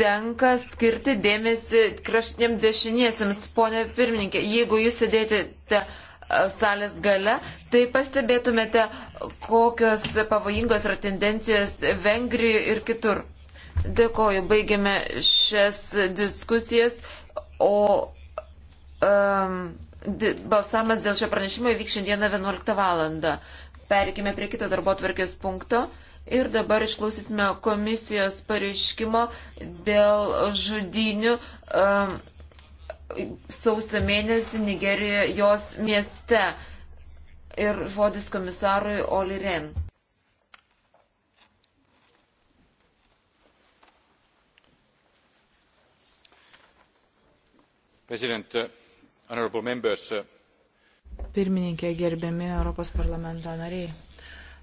tenka skirti dėmesį kraštiniam dešiniesiems, ponė pirmininkė. Jeigu jūs sėdėtėte e, salės gale, tai pastebėtumėte, kokios pavojingos yra tendencijos Vengrijoje ir kitur. Dėkoju, baigėme šias diskusijas, o um, balsamas dėl šio pranešimo įvyks šiandieną 11 val. Perikime prie kito darbo tvarkės punkto. Ir dabar išklausysime komisijos pareiškimo dėl žudinių um, sausio mėnesį Nigerijoje jos mieste. Ir žodis komisarui Oli Ren. President, honorable members. Uh, Pirmininkė, gerbiami Europos parlamento nariai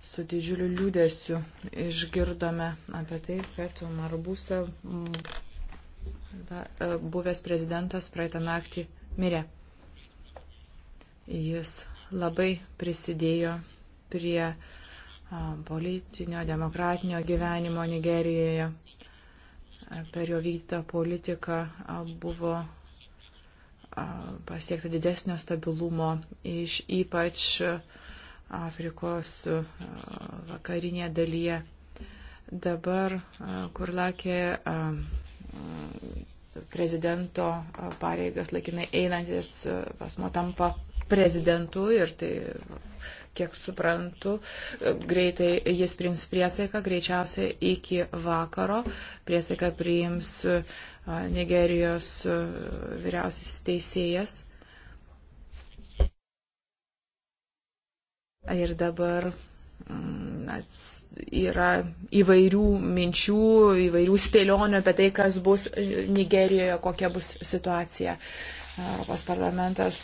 su didžiuliu liūdėsiu išgirdome apie tai, kad Marbusa, mm, e, buvęs prezidentas, praeitą naktį mirė. Jis labai prisidėjo prie politinio, demokratinio gyvenimo Nigerijoje. Per jo vykdytą politiką buvo pasiekta didesnio stabilumo iš ypač uh, Afrikos e, vakarinėje dalyje. Dabar e, Kurlakė e, prezidento pareigas laikinai einantis pasmo tampa prezidentu ir tai, kiek suprantu, greitai jis priims priesaiką, greičiausiai iki vakaro. Priesaiką priims Nigerijos vyriausiasis teisėjas. Ir dabar na, mm, yra įvairių minčių, įvairių spėlionių apie tai, kas bus e, Nigerijoje, kokia bus situacija. Uh, Europos parlamentas,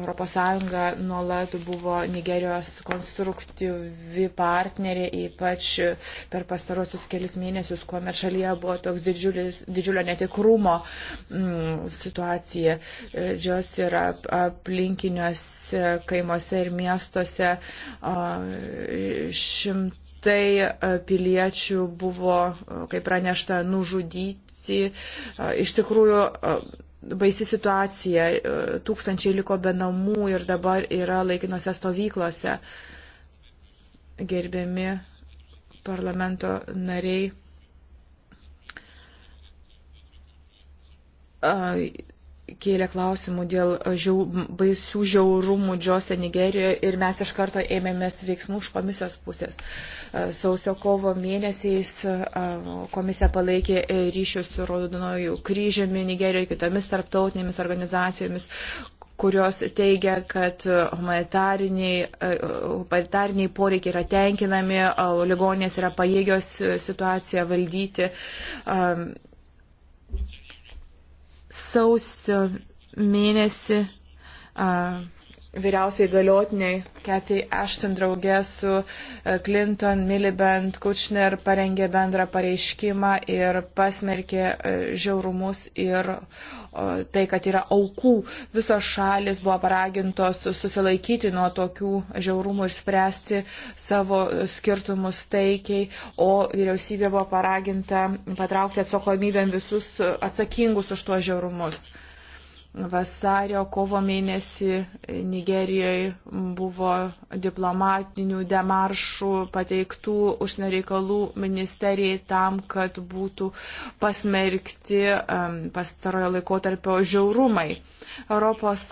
Europos Sąjunga nuolat buvo Nigerijos konstruktyvi partnerė, ypač per pastarosius kelis mėnesius, kuomet šalyje buvo toks didžiulis, didžiulio netikrumo mm, situacija. Džios yra aplinkiniuose kaimuose ir miestuose šimtai piliečių buvo, kaip pranešta, nužudyti. Iš tikrųjų, baisi situacija, e, tūkstančiai liko be namų ir dabar yra laikinose stovyklose. Gerbiami parlamento nariai, kėlė klausimų dėl žiau, baisių žiaurumų Džiose Nigerijoje ir mes iš karto ėmėmės veiksmų iš komisijos pusės. Sausio kovo mėnesiais komisija palaikė e, ryšius su Raudonoju kryžiumi Nigerijoje, kitomis tarptautinėmis organizacijomis, kurios teigia, kad humanitariniai e, poreikiai yra tenkinami, ligonės yra pajėgios e, situaciją valdyti. Sausio mėnesį. Uh, vyriausiai galiotiniai Kathy Ashton draugė su e, Clinton, Miliband, Kuchner parengė bendrą pareiškimą ir pasmerkė e, žiaurumus ir tai, kad yra aukų. Visos šalis buvo paragintos susilaikyti nuo tokių žiaurumų ir spręsti savo skirtumus taikiai, o vyriausybė buvo paraginta patraukti atsakomybėm visus atsakingus už tuos žiaurumus. Vasario kovo mėnesį Nigerijoje buvo diplomatinių demaršų pateiktų užsienio reikalų ministerijai tam, kad būtų pasmerkti um, pastarojo laikotarpio žiaurumai. ES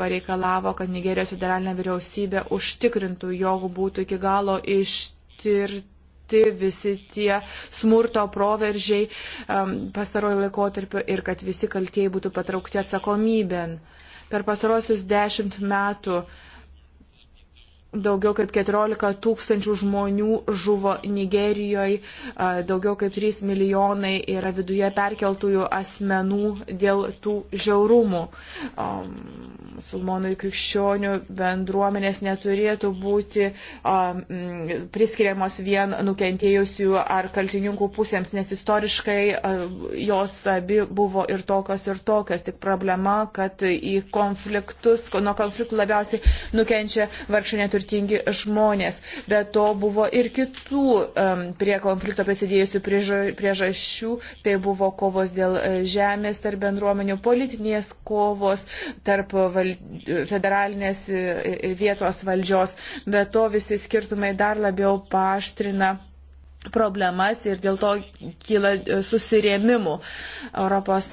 pareikalavo, kad Nigerijos federalinė vyriausybė užtikrintų, jog būtų iki galo ištirti paskelbti visi tie smurto proveržiai um, pastarojo laikotarpio ir kad visi kaltieji būtų patraukti atsakomybėn. Per pastarosius dešimt metų uh, daugiau kaip 14 tūkstančių žmonių žuvo Nigerijoje, daugiau kaip 3 milijonai yra viduje perkeltųjų asmenų dėl tų žiaurumų. Musulmonų ir krikščionių bendruomenės neturėtų būti priskiriamos vien nukentėjusių ar kaltininkų pusėms, nes istoriškai jos abi buvo ir tokios, ir tokios. Tik problema, kad į konfliktus, nuo konfliktų labiausiai nukenčia vargšai neturi turtingi žmonės. Be to buvo ir kitų um, prie konflikto prisidėjusių priežasčių. Tai buvo kovos dėl e, žemės tarp bendruomenių, politinės kovos tarp val... federalinės ir e, e, vietos valdžios. Be to visi skirtumai dar labiau paaštrina problemas ir dėl to kyla e, susirėmimų. ES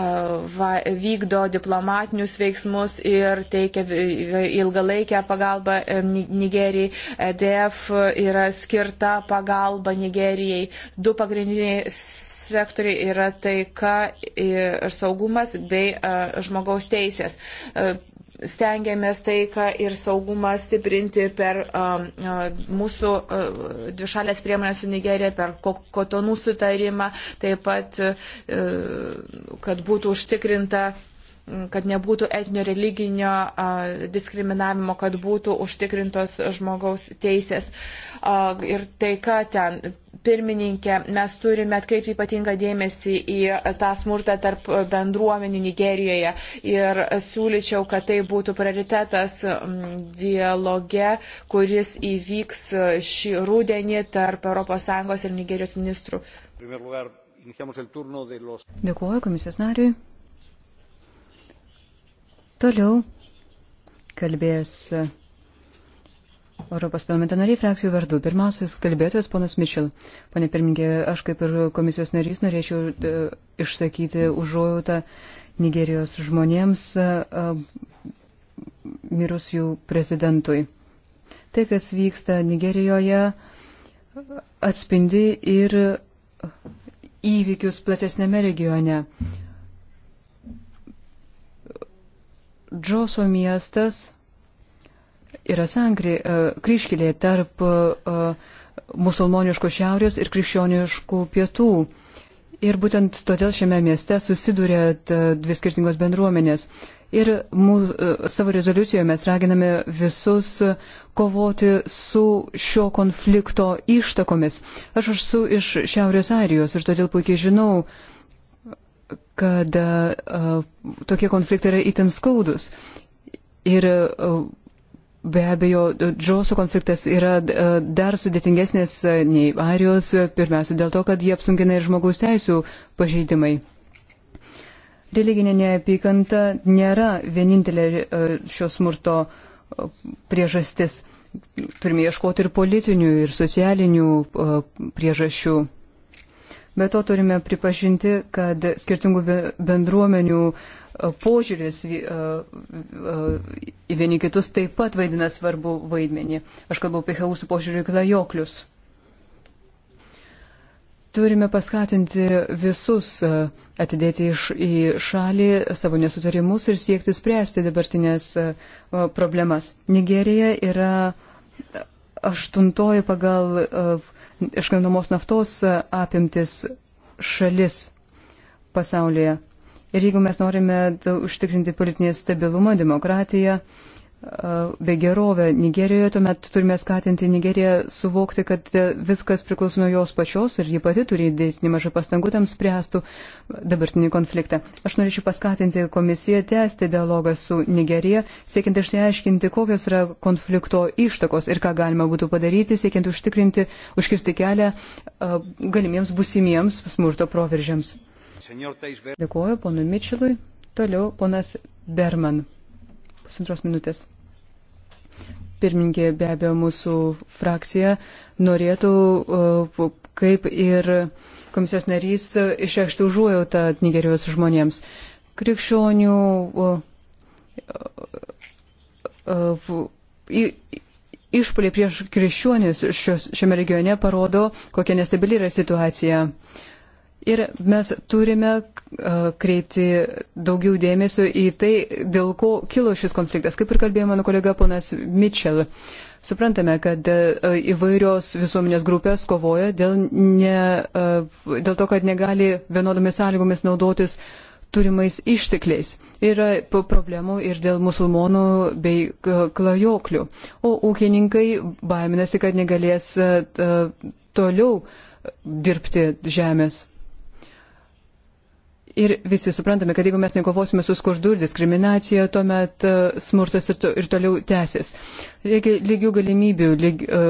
e, vykdo diplomatinius veiksmus ir teikia ilgalaikę pagalbą e, Nigerijai. EDF yra skirta pagalba Nigerijai. Du pagrindiniai sektoriai yra taika ir saugumas bei žmogaus teisės stengiamės taiką ir saugumą stiprinti per um, uh, mūsų uh, dvišalės priemonę su Nigerija, per kotonų sutarimą, taip pat, uh, kad būtų užtikrinta mm, kad nebūtų etnio religinio a, uh, diskriminavimo, kad būtų užtikrintos žmogaus teisės a, uh, ir taika ten pirmininkė, mes turime atkreipti ypatingą dėmesį į tą smurtą tarp bendruomenių Nigerijoje ir siūlyčiau, kad tai būtų prioritetas dialoge, kuris įvyks šį rudenį tarp ES ir Nigerijos ministrų. Dėkuoju komisijos nariui. Toliau kalbės Europos parlamento nariai frakcijų vardu. Pirmasis kalbėtojas ponas Mišel. Pane pirmininkė, aš kaip ir komisijos narys norėčiau e, išsakyti užuojautą Nigerijos žmonėms e, e, mirus jų prezidentui. Tai, kas vyksta Nigerijoje, atspindi ir įvykius platesnėme regione. Džoso miestas yra sankri, e, kryškelė tarp e, musulmoniškų šiaurės ir krikščioniškų pietų. Ir būtent todėl šiame mieste susiduria e, dvi skirtingos bendruomenės. Ir mū, savo rezoliucijoje mes raginame visus kovoti su šio konflikto ištakomis. Aš esu iš Šiaurės Airijos ir todėl puikiai žinau, kad a, tokie konfliktai yra itin skaudus. Ir a, Be abejo, Džoso konfliktas yra e, dar sudėtingesnis e, nei Arijos, e, pirmiausia dėl to, kad jie apsunkina ir žmogaus teisų pažeidimai. Religinė neapykanta nėra vienintelė šio smurto priežastis. Turime ieškoti ir politinių, ir socialinių priežasčių. Be to turime pripažinti, kad skirtingų bendruomenių e, požiūris e, e, į vieni kitus taip pat vaidina svarbu vaidmenį. Aš kalbu apie hausų požiūrį į klajoklius. Turime paskatinti visus atidėti iš, į šalį savo nesutarimus ir siekti spręsti dabartinės problemas. Nigerija yra aštuntoji pagal uh, išgaunamos naftos apimtis šalis pasaulyje. Ir jeigu mes norime užtikrinti politinį stabilumą, demokratiją, uh, bei gerovę Nigerijoje, tuomet turime skatinti Nigeriją suvokti, kad e, viskas priklauso nuo jos pačios ir ji pati turi įdėti nemažai pastangų tam spręstų dabartinį konfliktą. Aš norėčiau paskatinti komisiją tęsti dialogą su Nigerija, siekiant išsiaiškinti, kokios yra konflikto ištakos ir ką galima būtų padaryti, siekiant užtikrinti, užkirsti kelią e, galimiems busimiems smurto proveržiams. Dėkuoju ponui Mičilui. Toliau ponas Berman pusantros minutės. Pirmininkė, be abejo, mūsų frakcija norėtų, uh, kaip ir komisijos narys, išreikšti užuojautą Nigerijos žmonėms. Krikščionių uh, uh, išpolė prieš krikščionius šiame regione parodo, kokia nestabili yra situacija. Uh, Ir mes turime e, kreipti daugiau dėmesio į tai, dėl ko kilo šis konfliktas. Kaip ir kalbėjo mano kolega ponas Mitchell, suprantame, kad e, įvairios visuomenės grupės kovoja dėl, ne, e, dėl to, kad negali vienodomis sąlygomis naudotis turimais ištekliais. Yra problemų ir dėl musulmonų bei klajoklių. O ūkininkai baiminasi, kad negalės toliau dirbti žemės. Ir visi suprantame, kad jeigu mes nekovosime su skurdu ir diskriminacija, tuomet e, smurtas ir, to, ir toliau tęsis. Reikia lygių galimybių, lyg, e,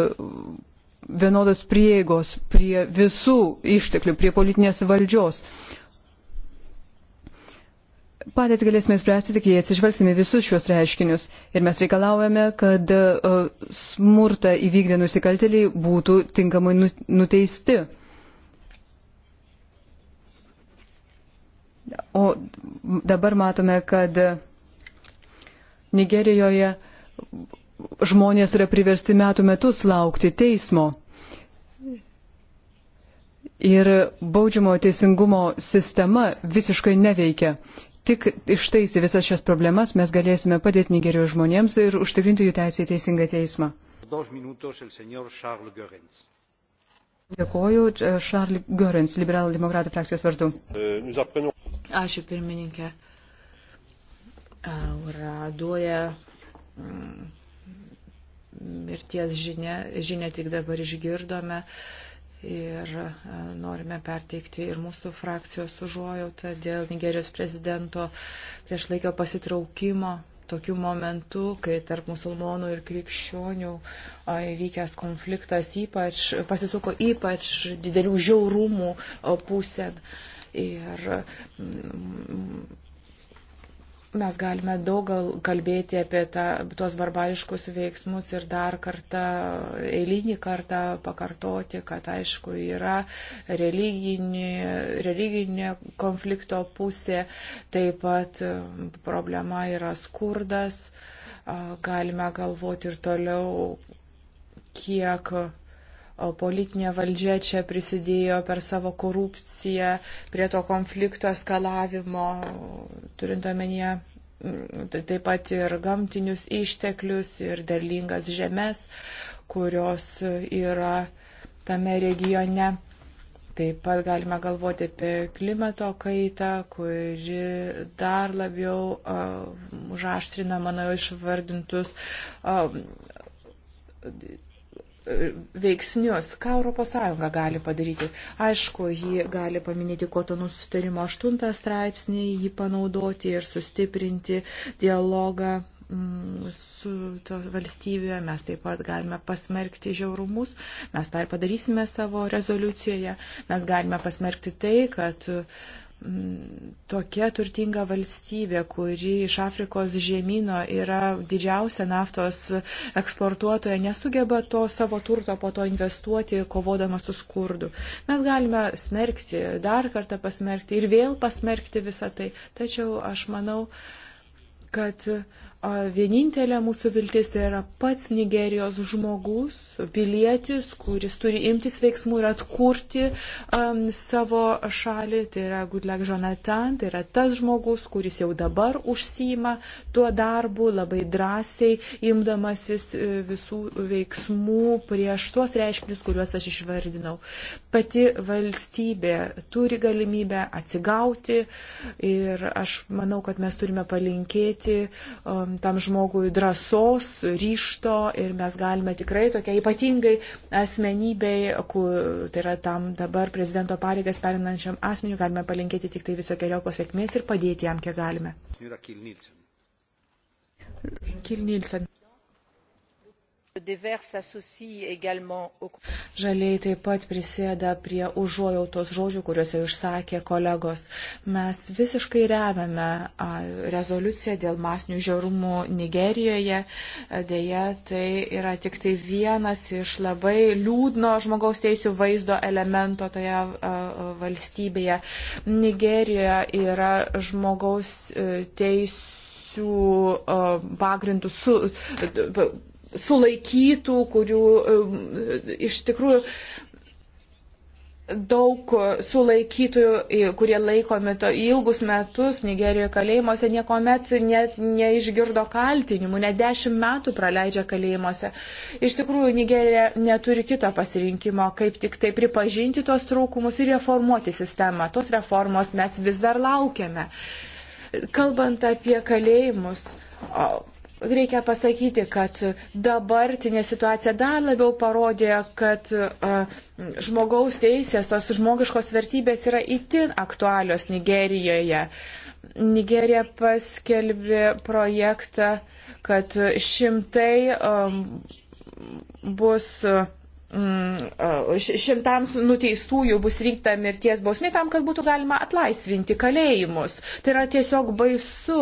vienodos prieigos prie visų išteklių, prie politinės valdžios. Patėt galėsime spręsti tik, jei atsižvelgsime visus šios reiškinius. Ir mes reikalaujame, kad e, smurtą įvykdę nusikaltėliai būtų tinkamai nu, nuteisti. O dabar matome, kad Nigerijoje žmonės yra priversti metų metus laukti teismo. Ir baudžiamo teisingumo sistema visiškai neveikia. Tik ištaisy visas šias problemas mes galėsime padėti Nigerijos žmonėms ir užtikrinti jų teisę į teisingą teismą. Dėkoju, Charles Görens, liberalų demokratų frakcijos vardu. Euh, Ačiū pirmininkė. Aura duoja mm, mirties žinia, žinia tik dabar išgirdome ir norime perteikti ir mūsų frakcijos užuojautą dėl Nigerijos prezidento priešlaikio pasitraukimo. Tokiu momentu, kai tarp musulmonų ir krikščionių įvykęs konfliktas ypač, pasisuko ypač didelių žiaurumų pusėn. Uh, Ir mm, mes galime daug gal kalbėti apie ta, tuos barbariškus veiksmus ir dar kartą, eilinį kartą pakartoti, kad aišku yra religinė, religinė konflikto pusė, taip pat mm, problema yra skurdas, galime galvoti ir toliau, kiek politinė valdžia čia prisidėjo per savo korupciją prie to konflikto eskalavimo, turint omenyje mm, tai taip pat ir gamtinius išteklius ir derlingas žemės, kurios yra tame regione. Taip pat galime galvoti apie klimato kaitą, kuri dar labiau uh, užaštrina mano išvardintus uh, veiksnius, ką ES gali padaryti. Aišku, ji gali paminėti kotonų sustarimo 8 straipsnį, jį panaudoti ir sustiprinti dialogą mm, su to valstybė, mes taip pat galime pasmerkti žiaurumus, mes tą ir padarysime savo rezoliucijoje, mes galime pasmerkti tai, kad uh, Mm, tokia turtinga valstybė, kuri iš Afrikos žemynų yra didžiausia naftos eksportuotoja, nesugeba to savo turto po to investuoti, kovodama su skurdu. Mes galime smerkti, dar kartą pasmerkti ir vėl pasmerkti visą tai. Tačiau aš manau, kad vienintelė mūsų viltis tai yra pats Nigerijos žmogus, pilietis, kuris turi imtis veiksmų ir atkurti um, savo šalį. Tai yra Gudlek Jonathan, tai yra tas žmogus, kuris jau dabar užsima tuo darbu, labai drąsiai imdamasis e, visų veiksmų prieš tuos reiškinius, kuriuos aš išvardinau. Pati valstybė turi galimybę atsigauti ir aš manau, kad mes turime palinkėti um, tam žmogui drąsos, ryšto ir mes galime tikrai tokia ypatingai asmenybei, kur, tai yra tam dabar prezidento pareigas perinančiam asmeniu, galime palinkėti tik tai visokiojo pasiekmės ir padėti jam, kiek galime. Kilnilsen. Žaliai taip pat prisėda prie užuojautos žodžių, kuriuose išsakė kolegos. Mes visiškai remiame rezoliuciją dėl masinių žiaurumų Nigerijoje. Deja, tai yra tik tai vienas iš labai liūdno žmogaus teisų vaizdo elemento toje valstybėje. Nigerijoje yra žmogaus e, teisų pagrindų su sulaikytų, kurių e, iš tikrųjų daug sulaikytųjų, kurie laikomi to ilgus metus Nigerijoje kalėjimuose, nieko met net neišgirdo kaltinimų, net dešimt metų praleidžia kalėjimuose. Iš tikrųjų, Nigerija neturi kito pasirinkimo, kaip tik tai pripažinti tos trūkumus ir reformuoti sistemą. Tos reformos mes vis dar laukiame. Kalbant apie kalėjimus, reikia pasakyti, kad dabartinė situacija dar labiau parodė, kad žmogaus teisės, tos žmogiškos vertybės yra itin aktualios Nigerijoje. Nigerija paskelbė projektą, kad šimtai um, bus. Uh, Mm, šimtams nuteistųjų bus vykta mirties bausmė tam, kad būtų galima atlaisvinti kalėjimus. Tai yra tiesiog baisu,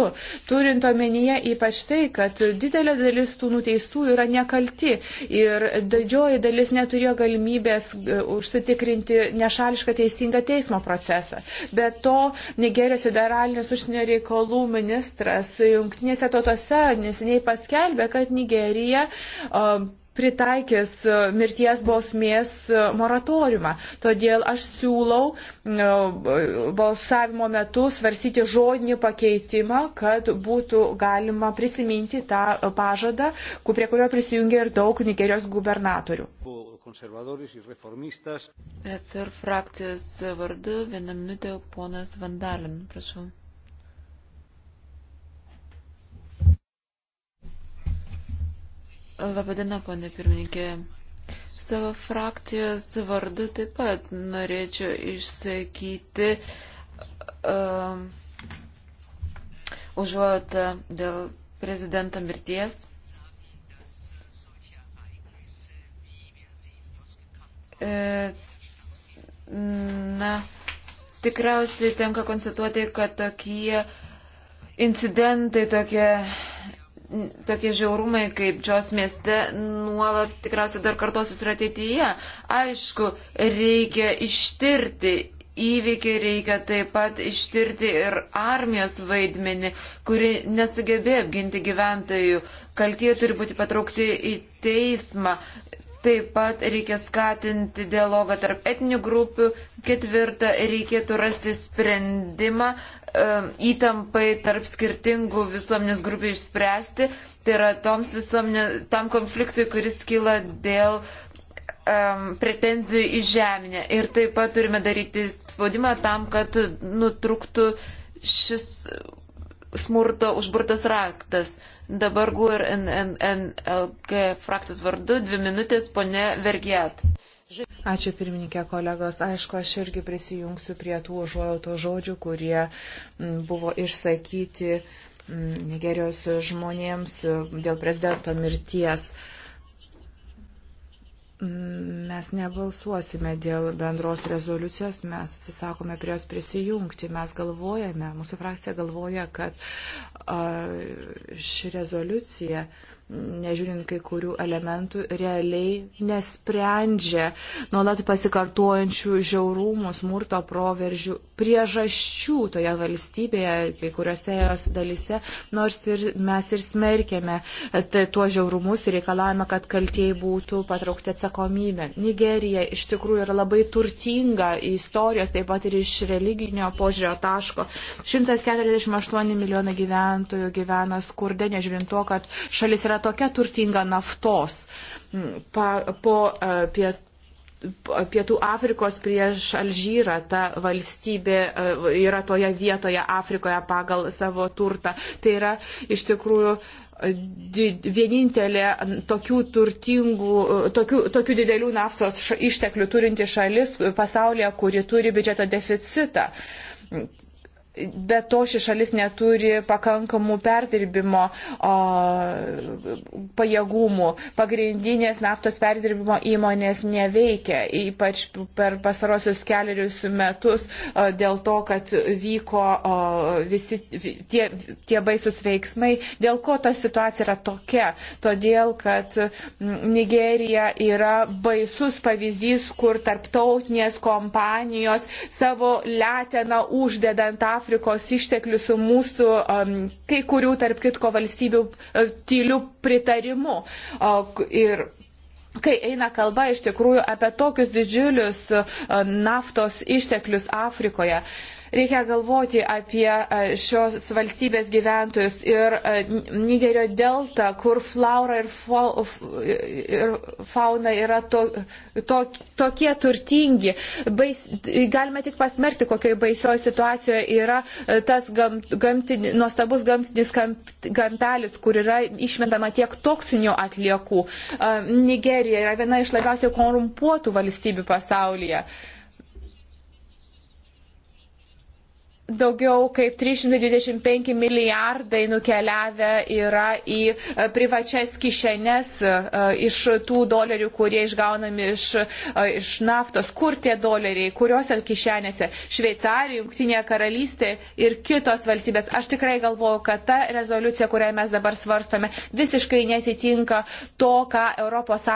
turint omenyje ypač tai, kad didelė dalis tų nuteistųjų yra nekalti ir didžioji dalis neturėjo galimybės e, užsitikrinti nešališką teisingą teismo procesą. Be to, Nigerijos federalinis užsienio reikalų ministras jungtinėse tautose neseniai paskelbė, kad Nigerija uh, pritaikys e, mirties bausmės e, moratoriumą. Todėl aš siūlau e, balsavimo metu svarsyti žodinį pakeitimą, kad būtų galima prisiminti tą pažadą, prie kurio prisijungia ir daug Nigerijos gubernatorių. ECR frakcijos vardu vieną minutę ponas Vandalin, prašau. Labadiena, ponė pirmininkė. Savo frakcijos vardu taip pat norėčiau išsakyti uh, užuotą dėl prezidento mirties. Uh, na, tikriausiai tenka konstatuoti, kad tokie incidentai, tokie tokie žiaurumai kaip Džios mieste nuolat tikriausiai dar kartosis ir ateityje. Aišku, reikia ištirti įvykį, reikia taip pat ištirti ir armijos vaidmenį, kuri nesugebėjo apginti gyventojų. Kaltie turi būti patraukti į teismą. Taip pat reikia skatinti dialogą tarp etinių grupių. Ketvirta, reikėtų rasti sprendimą, Um, įtampai tarp skirtingų visuomenės grupių išspręsti, tai yra toms visuomenė, tam konfliktui, kuris kyla dėl um, pretenzijų į žemę. Ir taip pat turime daryti spaudimą tam, kad nutruktų šis smurto užburtas raktas. Dabar GUR NLG frakcijos vardu dvi minutės ponė Vergiat. Ačiū pirmininkė kolegos. Aišku, aš irgi prisijungsiu prie tų užuojauto žodžių, kurie buvo išsakyti Nigerijos žmonėms dėl prezidento mirties. Uh, Mes nebalsuosime dėl bendros rezoliucijos, mes atsisakome prie jos prisijungti. Mes galvojame, mūsų frakcija galvoja, kad ši rezoliucija uh, nežiūrint kai kurių elementų, realiai nesprendžia nuolat pasikartojančių žiaurumų, smurto proveržių priežasčių toje valstybėje, kai kuriuose jos dalise, nors ir mes ir smerkėme tai, tuo žiaurumus ir reikalavome, kad kaltieji būtų patraukti atsakomybę. Nigerija iš tikrųjų yra labai turtinga istorijos, taip pat ir iš religinio požiūrio taško. 148 milijonai gyventojų gyvena skurde, nežiūrint to, kad šalis yra netokia turtinga naftos. Mm, pa, po e, pietų Pietų Afrikos prieš Alžyrą, ta valstybė e, yra toje vietoje Afrikoje pagal savo turtą. Tai yra iš tikrųjų e, vienintelė tokių turtingų, tokių, tokių didelių naftos išteklių turinti šalis pasaulyje, kuri turi biudžeto deficitą Be to, ši šalis neturi pakankamų perdirbimo o, pajėgumų. Pagrindinės naftos perdirbimo įmonės neveikia, ypač per pasarosius keliarius metus, o, dėl to, kad vyko o, visi tie, tie baisus veiksmai. Dėl ko ta situacija yra tokia? Todėl, kad Nigerija yra baisus pavyzdys, kur tarptautinės kompanijos savo leteną uždedant Afriką Afrikos išteklių su mūsų um, kai kurių, tarp kitko, valstybių uh, tylių pritarimu. Uh, ir Kai eina kalba iš tikrųjų apie tokius didžiulius uh, naftos išteklius Afrikoje, uh, Reikia galvoti apie e, šios valstybės gyventojus ir e, Nigerio delta, kur flaura ir, fo, ir fauna yra to, to, tokie turtingi. Bais, galime tik pasmerkti, kokioje baisioje situacijoje yra e, tas gam, gamtin, nuostabus gamtinis kampelis, kur yra išmetama tiek toksinių atliekų. Nigerija yra viena iš labiausiai korumpuotų valstybių pasaulyje. Yeah. daugiau kaip 325 milijardai nukeliavę yra į e, privačias kišenes e, e, iš tų dolerių, kurie išgaunami iš, iš naftos. Kur tie doleriai, kuriuose kišenėse? Šveicarija, Junktinė karalystė ir kitos valstybės. Aš tikrai galvoju, kad ta rezoliucija, kurią mes dabar svarstome, visiškai netitinka to, ką ES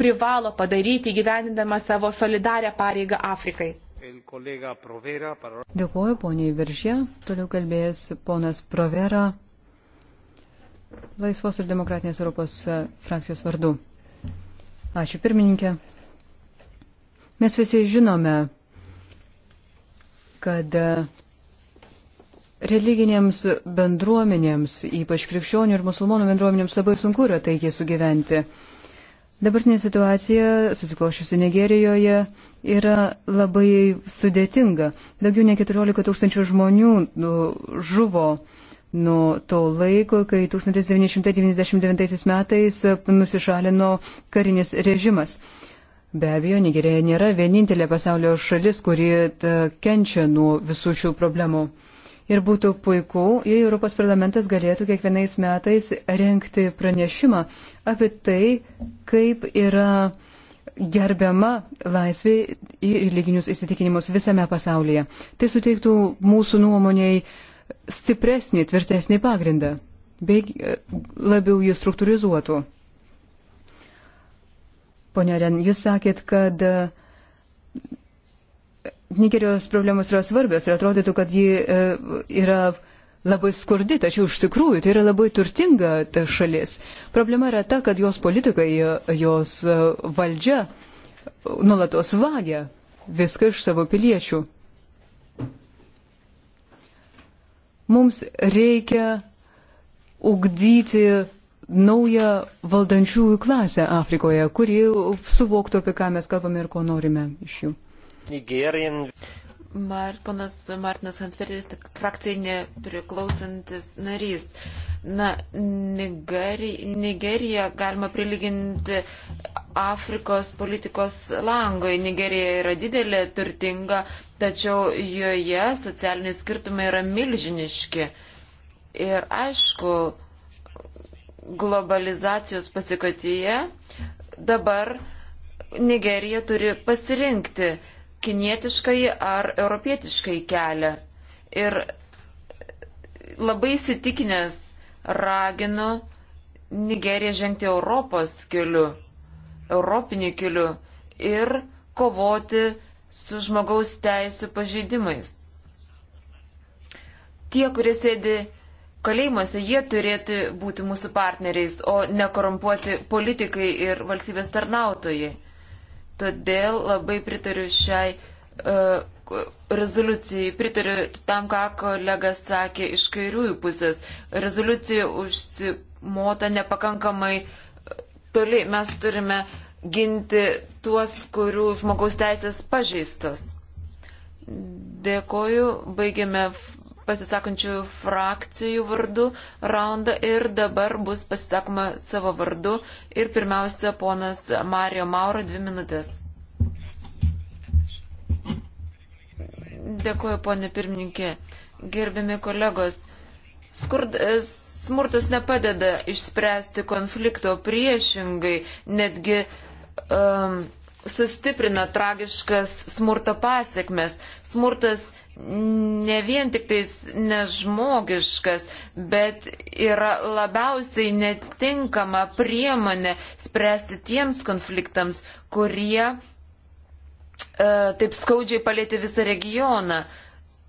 privalo padaryti gyvenindama savo solidarę pareigą Afrikai. Dėkuoju poniai Viržė, toliau kalbėjęs ponas Provera, Laisvos ir demokratinės Europos e, frakcijos vardu. Ačiū pirmininkė. Mes visi žinome, kad e, religinėms bendruomenėms, ypač krikščionių ir musulmonų bendruomenėms, labai sunku yra taikiai sugyventi. Dabartinė situacija susiklošiusi Nigerijoje yra labai sudėtinga. Daugiau nei 14 tūkstančių žmonių nu, žuvo nuo to laiko, kai 1999 metais nusišalino karinis režimas. Be abejo, Nigerija nėra vienintelė pasaulio šalis, kuri kenčia nuo visų šių problemų. Ir būtų puiku, jei Europos parlamentas galėtų kiekvienais metais renkti pranešimą apie tai, kaip yra gerbiama laisvė į religinius įsitikinimus visame pasaulyje. Tai suteiktų mūsų nuomoniai stipresnį, tvirtesnį pagrindą, bei e, labiau jį struktūrizuotų. Pone Ren, jūs sakėt, kad e, Nigerijos problemos yra svarbios ir atrodytų, kad ji e, yra labai skurdi, tačiau iš tikrųjų tai yra labai turtinga ta šalis. Problema yra ta, kad jos politikai, jos e, valdžia nulatos vagia viską iš savo piliečių. Mums reikia ugdyti naują valdančiųjų klasę Afrikoje, kuri suvoktų, apie ką mes kalbame ir ko norime iš jų. Nigerin. Mar, ponas Martinas Hanspertis frakcijai nepriklausantis narys. Na, Nigerija, Nigerija galima prilyginti Afrikos politikos langui. Nigerija yra didelė, turtinga, tačiau joje socialiniai skirtumai yra milžiniški. Ir aišku, globalizacijos pasikotyje dabar Nigerija turi pasirinkti kinietiškai ar europietiškai kelią. Ir labai įsitikinęs raginu Nigeriją žengti Europos keliu, europinį keliu ir kovoti su žmogaus teisų pažeidimais. Tie, kurie sėdi kalėjimuose, jie turėtų būti mūsų partneriais, o ne korumpuoti politikai ir valstybės tarnautojai. Todėl labai pritariu šiai uh, rezoliucijai, pritariu tam, ką kolega sakė iš kairiųjų pusės. Rezoliucija užsimota nepakankamai e, toli. Mes turime ginti tuos, kurių žmogaus teisės pažeistos. Dėkoju, baigiame pasisakančių frakcijų vardu raundą ir dabar bus pasisakoma savo vardu. Ir pirmiausia, ponas Mario Mauro, dvi minutės. Dėkuoju, ponė pirmininkė. Gerbiami kolegos, skurd, e, smurtas nepadeda išspręsti konflikto priešingai, netgi um, sustiprina tragiškas smurto pasiekmes. Smurtas ne vien tik tais nežmogiškas, bet yra labiausiai netinkama priemonė spręsti tiems konfliktams, kurie e, taip skaudžiai palėtė visą regioną.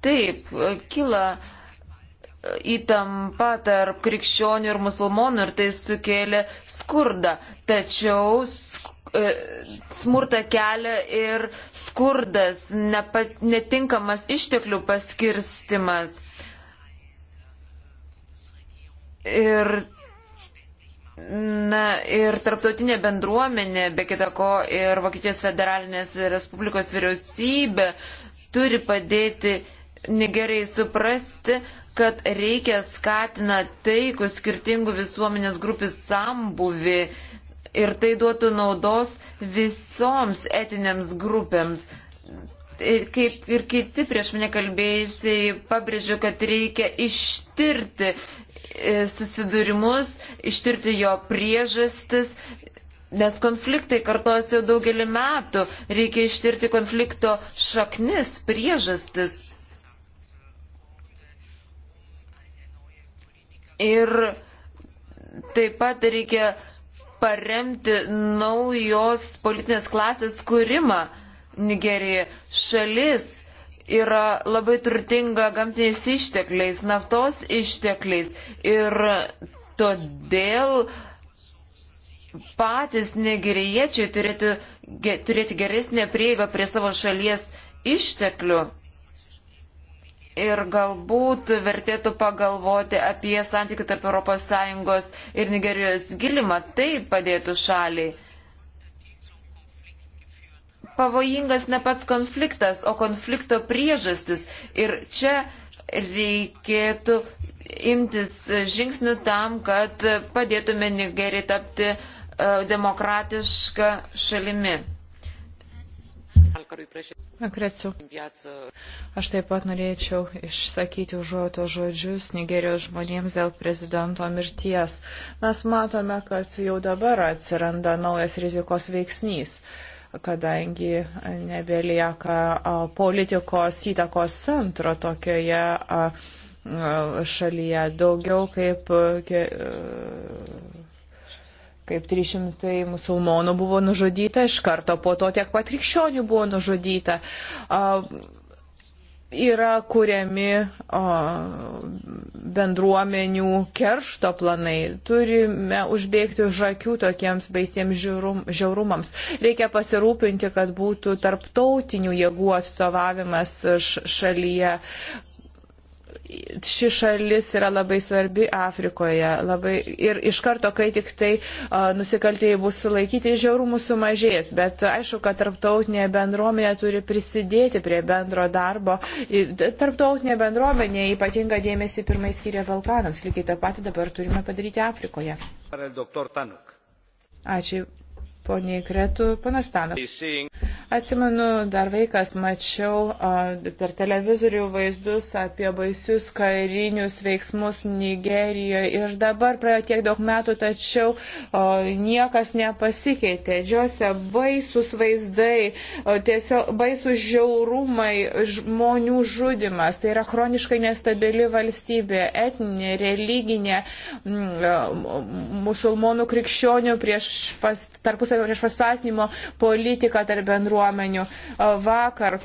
Taip, e, kyla e, įtampa tarp krikščionių ir musulmonų ir tai sukėlė skurdą. Tačiau skurdą E, smurtą kelia ir skurdas, nepa, netinkamas išteklių paskirstimas. Ir, na, ir tarptautinė bendruomenė, be kitako ir Vokietijos federalinės Respublikos vyriausybė turi padėti Nigerijai suprasti, kad reikia skatina taikų skirtingų visuomenės grupių sambuvi, ir tai duotų naudos visoms etinėms grupėms. Tai kaip ir kiti prieš mane kalbėjusiai pabrėžiu, kad reikia ištirti e, susidūrimus, ištirti jo priežastis, nes konfliktai kartuosi jau daugelį metų, reikia ištirti konflikto šaknis, priežastis. Ir taip pat reikia paremti naujos politinės klasės kūrimą Nigerijoje. Šalis yra labai turtinga gamtiniais ištekliais, naftos ištekliais ir todėl patys nigeriečiai turėtų turėti geresnę prieigą prie savo šalies išteklių ir galbūt vertėtų pagalvoti apie santykių tarp ES ir Nigerijos gilimą, tai padėtų šaliai. Pavojingas ne pats konfliktas, o konflikto priežastis. Ir čia reikėtų imtis žingsnių tam, kad padėtume Nigerijai tapti e, demokratišką šalimi al cărui președinte Aš taip pat norėčiau išsakyti užuoto žodžius Nigerijos žmonėms dėl prezidento mirties. Mes matome, kad jau dabar atsiranda naujas rizikos veiksnys kadangi nebelieka politikos įtakos centro tokioje šalyje. Daugiau kaip kaip 300 musulmonų buvo nužudyta, iš karto po to tiek pat krikščionių buvo nužudyta. A, yra kuriami a, bendruomenių keršto planai. Turime užbėgti už akių tokiems baisiems žiaurum, žiaurumams. Reikia pasirūpinti, kad būtų tarptautinių jėgų atstovavimas šalyje, ši šalis yra labai svarbi Afrikoje. Labai, ir iš karto, kai tik tai uh, nusikaltėjai bus sulaikyti, žiaurumų sumažės. Bet aišku, kad tarptautinė bendruomenė turi prisidėti prie bendro darbo. Tarptautinė bendruomenė ypatinga dėmesį pirmai skiria Balkanams. Lygiai tą patį dabar turime padaryti Afrikoje. Ačiū poniai Kretų, panas Tanas. Atsimenu, dar vaikas mačiau a, per televizorių vaizdus apie baisius karinius veiksmus Nigerijoje ir dabar praėjo tiek daug metų, tačiau a, niekas nepasikeitė. Džiose baisus vaizdai, a, tiesiog baisus žiaurumai, žmonių žudimas. Tai yra chroniškai nestabili valstybė, etninė, religinė, m, m, musulmonų krikščionių prieš tarpusavį prieš pasisasnimo politiką tarp bendruomenių. Vakar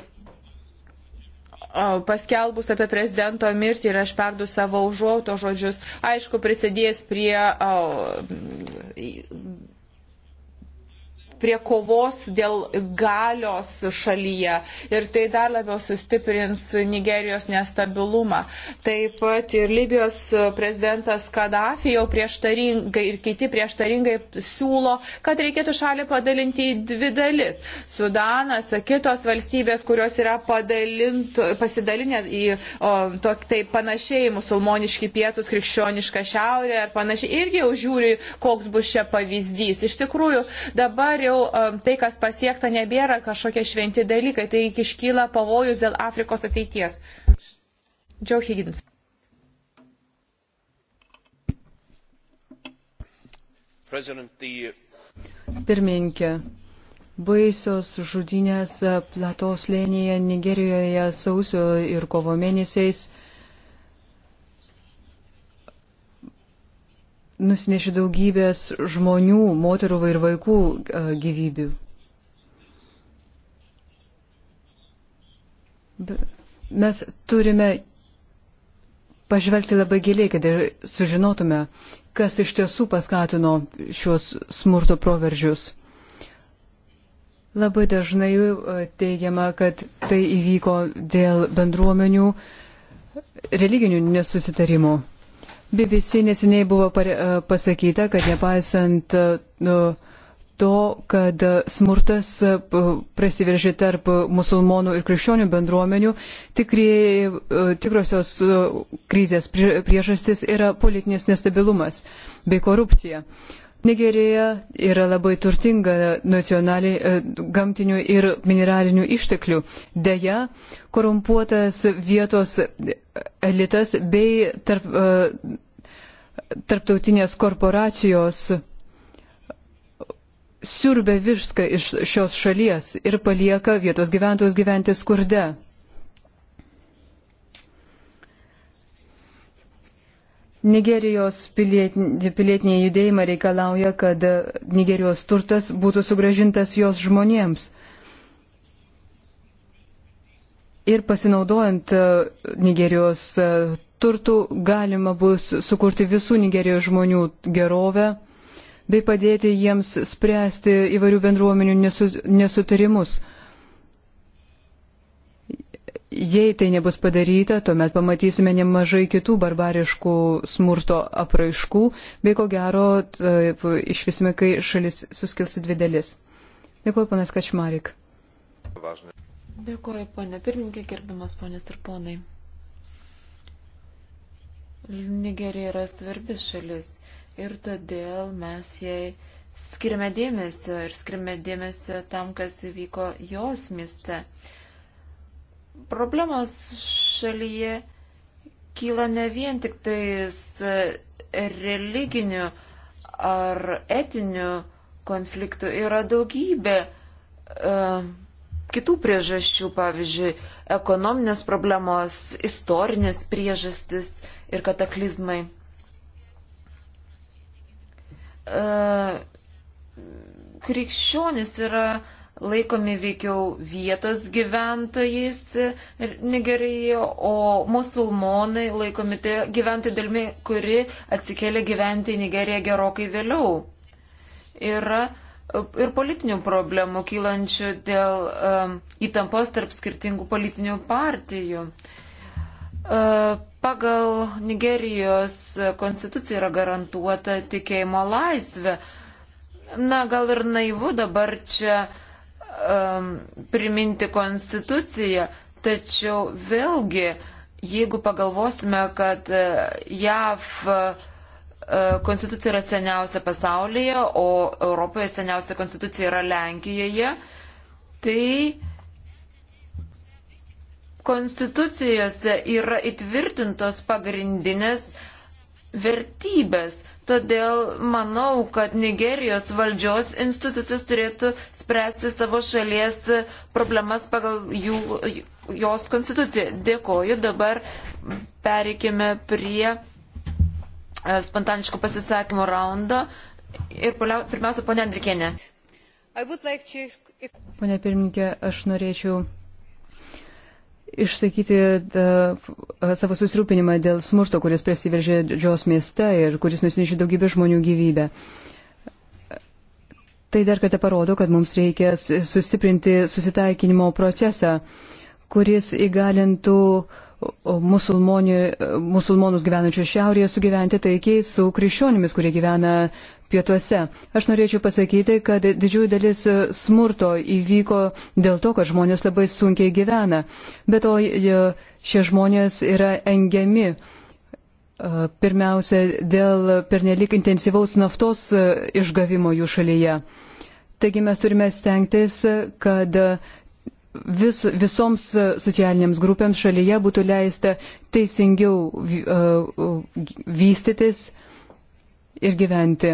paskelbus apie prezidento mirtį ir aš perdu savo užuoto žodžius, aišku, prisidės prie prie kovos dėl galios šalyje ir tai dar labiau sustiprins Nigerijos nestabilumą. Taip pat ir Libijos prezidentas Kadafi jau prieštaringai ir kiti prieštaringai siūlo, kad reikėtų šalį padalinti į dvi dalis. Sudanas, kitos valstybės, kurios yra pasidalinę į o, to, tai panašiai musulmoniški pietus, krikščioniška šiaurė ir panašiai, irgi jau žiūri, koks bus čia pavyzdys. Iš tikrųjų, dabar jau tačiau e, tai, kas pasiekta, nebėra kažkokie šventi dalykai, tai iškyla pavojus dėl Afrikos ateities. Joe Higgins. Uh, Pirmininkė, baisios žudinės platos lėnyje Nigerijoje sausio ir kovo mėnesiais nusineši daugybės žmonių, moterų ir vaikų e, gyvybių. Mes turime pažvelgti labai giliai, kad ir sužinotume, kas iš tiesų paskatino šios smurto proveržius. Labai dažnai e, teigiama, kad tai įvyko dėl bendruomenių religinių nesusitarimų. BBC nesiniai buvo e, pasakyta, kad nepaisant e, nu, to, kad smurtas e, prasiveržė tarp musulmonų ir krikščionių bendruomenių, tikrie, tikrosios krizės priežastis yra politinis nestabilumas bei korupcija. Nigerija yra labai turtinga nacionaliai gamtinių ir mineralinių išteklių. Deja, korumpuotas vietos elitas bei tarp, e, tarptautinės korporacijos siurbia viską iš šios šalies ir palieka vietos gyventojus gyventi skurde. Nigerijos pilietiniai judėjimai reikalauja, kad Nigerijos turtas būtų sugražintas jos žmonėms ir pasinaudojant e, Nigerijos e, turtų galima bus sukurti visų Nigerijos žmonių gerovę bei padėti jiems spręsti įvairių bendruomenių nesutarimus. Jei tai nebus padaryta, tuomet pamatysime nemažai kitų barbariškų smurto apraiškų, bei ko gero e, išvisime, kai šalis suskils į dvi dalis. Dėkuoju, panas Kačmarik. Važne. Dėkuoju, ponė pirmininkė, gerbiamas ponės ir ponai. Nigerija yra svarbi šalis ir todėl mes jai skiriame dėmesio ir skiriame dėmesio tam, kas įvyko jos mieste. Problemos šalyje kyla ne vien tik tais e, religinių ar etinių konfliktų, yra daugybė uh, kitų priežasčių, pavyzdžiui, ekonominės problemos, istorinės priežastis ir kataklizmai. E, Krikščionis yra laikomi veikiau vietos gyventojais Nigerijoje, o musulmonai laikomi tai gyventojai dalimi, kuri atsikėlė gyventi į Nigeriją gerokai vėliau. Yra ir politinių problemų kylančių dėl um, įtampos tarp skirtingų politinių partijų. Uh, pagal Nigerijos konstituciją yra garantuota tikėjimo laisvė. Na, gal ir naivu dabar čia um, priminti konstituciją, tačiau vėlgi, jeigu pagalvosime, kad uh, JAV uh, E, konstitucija yra seniausia pasaulyje, o Europoje seniausia konstitucija yra Lenkijoje. Tai konstitucijose yra įtvirtintos pagrindinės vertybės. Todėl manau, kad Nigerijos valdžios institucijos turėtų spręsti savo šalies problemas pagal jų, jos konstituciją. Dėkoju, dabar pereikime prie E, spontaniškų pasisakymų raundą. Ir pirmiausia, ponė Andrikienė. Pone pirmininkė, aš norėčiau išsakyti da, e, savo susirūpinimą dėl smurto, kuris prasiveržė Džios mieste ir kuris nusinešė daugybę žmonių gyvybę. Tai dar kartą parodo, kad mums reikia sustiprinti susitaikinimo procesą, kuris įgalintų uh, musulmonus gyvenančius šiaurėje sugyventi taikiai su krikščionimis, kurie gyvena pietuose. Aš norėčiau pasakyti, kad didžiųjų dalis smurto įvyko dėl to, kad žmonės labai sunkiai gyvena. Be to, šie žmonės yra engiami. Pirmiausia, dėl pernelik intensyvaus naftos išgavimo jų šalyje. Taigi mes turime stengtis, kad vis, visoms e, socialinėms grupėms šalyje būtų leista teisingiau e, vystytis ir gyventi.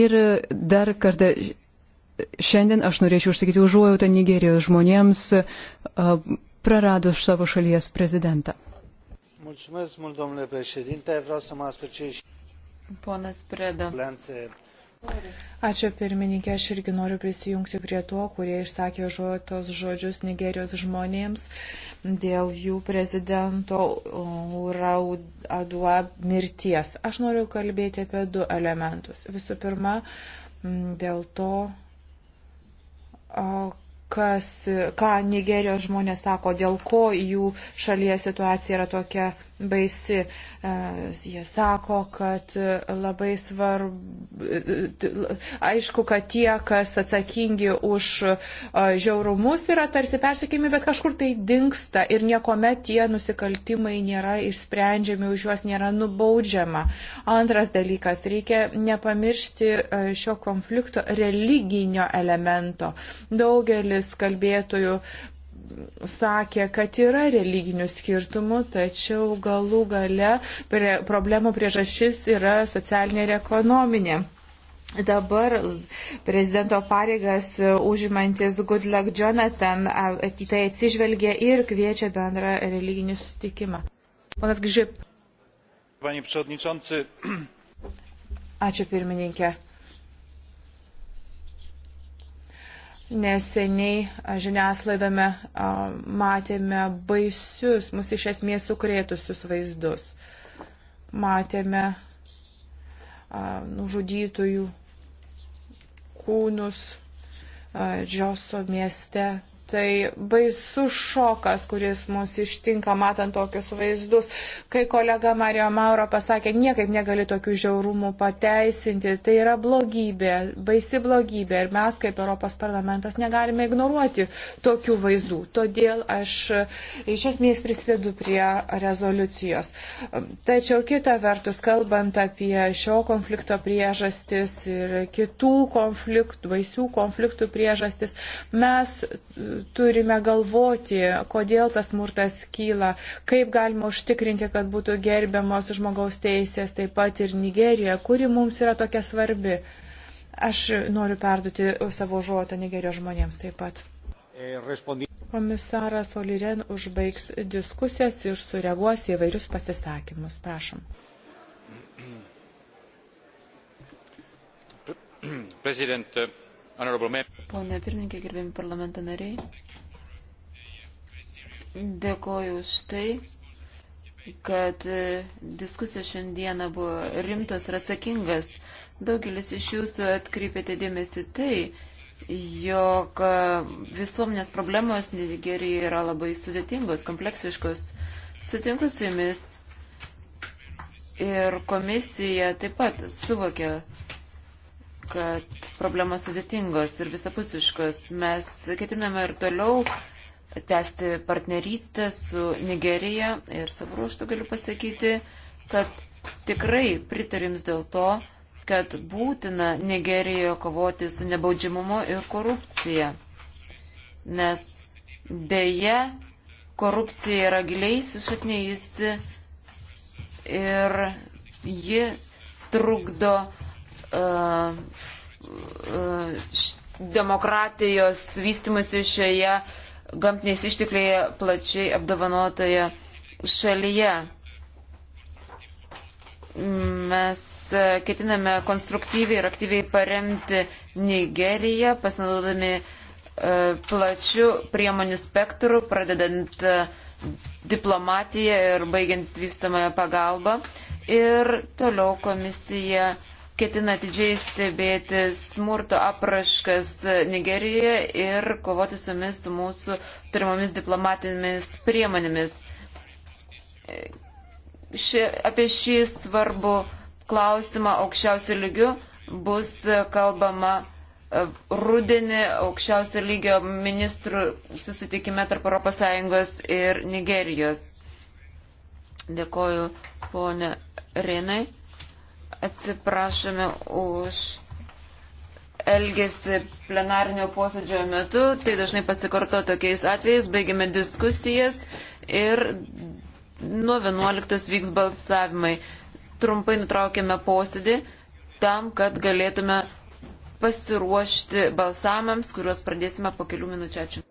Ir dar kartą šiandien aš norėčiau užsakyti užuojautą Nigerijos žmonėms e, praradus savo šalies prezidentą. Mulțumesc mult, domnule președinte. Vreau să mă asociez și. Ponas Preda. Ačiū pirmininkė, aš irgi noriu prisijungti prie to, kurie išsakė tos žodžius Nigerijos žmonėms dėl jų prezidento Uraudua mirties. Aš noriu kalbėti apie du elementus. Visų pirma, dėl to, kas, ką Nigerijos žmonės sako, dėl ko jų šalyje situacija yra tokia baisi. E, jie sako, kad labai svarbu, aišku, kad tie, kas atsakingi už e, žiaurumus, yra tarsi persikimi, bet kažkur tai dinksta ir niekuomet tie nusikaltimai nėra išsprendžiami, už juos nėra nubaudžiama. Antras dalykas, reikia nepamiršti e, šio konflikto religinio elemento. Daugelis kalbėtojų sakė, kad yra religinių skirtumų, tačiau galų gale prie, problemų priežastis yra socialinė ir ekonominė. Dabar prezidento pareigas užimantis Goodluck Jonathan į tai atsižvelgia ir kviečia bendrą religinį sutikimą. Ponas Gžip. Ačiū pirmininkė. Neseniai žiniaslaidome matėme baisius, mus iš esmės sukrėtusius vaizdus. Matėme nužudytųjų kūnus Džioso mieste Tai baisus šokas, kuris mus ištinka, matant tokius vaizdus. Kai kolega Mario Mauro pasakė, niekaip negali tokių žiaurumų pateisinti, tai yra blogybė, baisi blogybė. Ir mes kaip Europos parlamentas negalime ignoruoti tokių vaizdų. Todėl aš iš esmės prisidedu prie rezoliucijos. Tačiau kita vertus, kalbant apie šio konflikto priežastis ir kitų konfliktų, baisių konfliktų priežastis, mes turime galvoti, kodėl tas smurtas kyla, kaip galima užtikrinti, kad būtų gerbiamos žmogaus teisės, taip pat ir Nigerija, kuri mums yra tokia svarbi. Aš noriu perduoti savo žuotą Nigerijos žmonėms taip pat. Komisaras Oliren užbaigs diskusijas ir sureaguos į vairius pasisakymus. Prašom. President, Pone pirmininkė, gerbėmi parlamento nariai, dėkoju už tai, kad e, diskusijos šiandieną buvo rimtos ir atsakingas. Daugelis iš jūsų atkreipėte dėmesį tai, jog e, visuomenės problemos Nigerijoje yra labai sudėtingos, kompleksiškos. Sutinku su jumis. Ir komisija taip pat suvokia kad problemos sudėtingos ir visapusiškos. Mes ketiname ir toliau tęsti partnerystę su Nigerija ir savo ruoštų galiu pasakyti, kad tikrai pritarims dėl to, kad būtina Nigerijoje kovoti su nebaudžiamumu ir korupcija. Nes dėje korupcija yra giliai sušaknėjusi ir ji trukdo Uh, uh, demokratijos vystimusi šioje gamtiniais ištikliai plačiai apdovanotoje šalyje. Mes ketiname konstruktyviai ir aktyviai paremti Nigeriją, pasinaudodami uh, plačių priemonių spektrų, pradedant diplomatiją ir baigiant vystamąją pagalbą. Ir toliau komisija uh, ketina atidžiai stebėti smurto apraškas Nigerijoje ir kovoti su mis mūsų turimomis diplomatinėmis priemonėmis. Ši, apie šį svarbų klausimą aukščiausių lygių bus kalbama e, rudenį aukščiausio lygio ministrų susitikime tarp ES ir Nigerijos. Dėkoju, ponė Renai. Atsiprašome už elgesi plenarnio posėdžio metu. Tai dažnai pasikarto tokiais atvejais. Baigėme diskusijas ir nuo 11 vyks balsavimai. Trumpai nutraukėme posėdį tam, kad galėtume pasiruošti balsamams, kuriuos pradėsime po kelių minučių. Ačiū.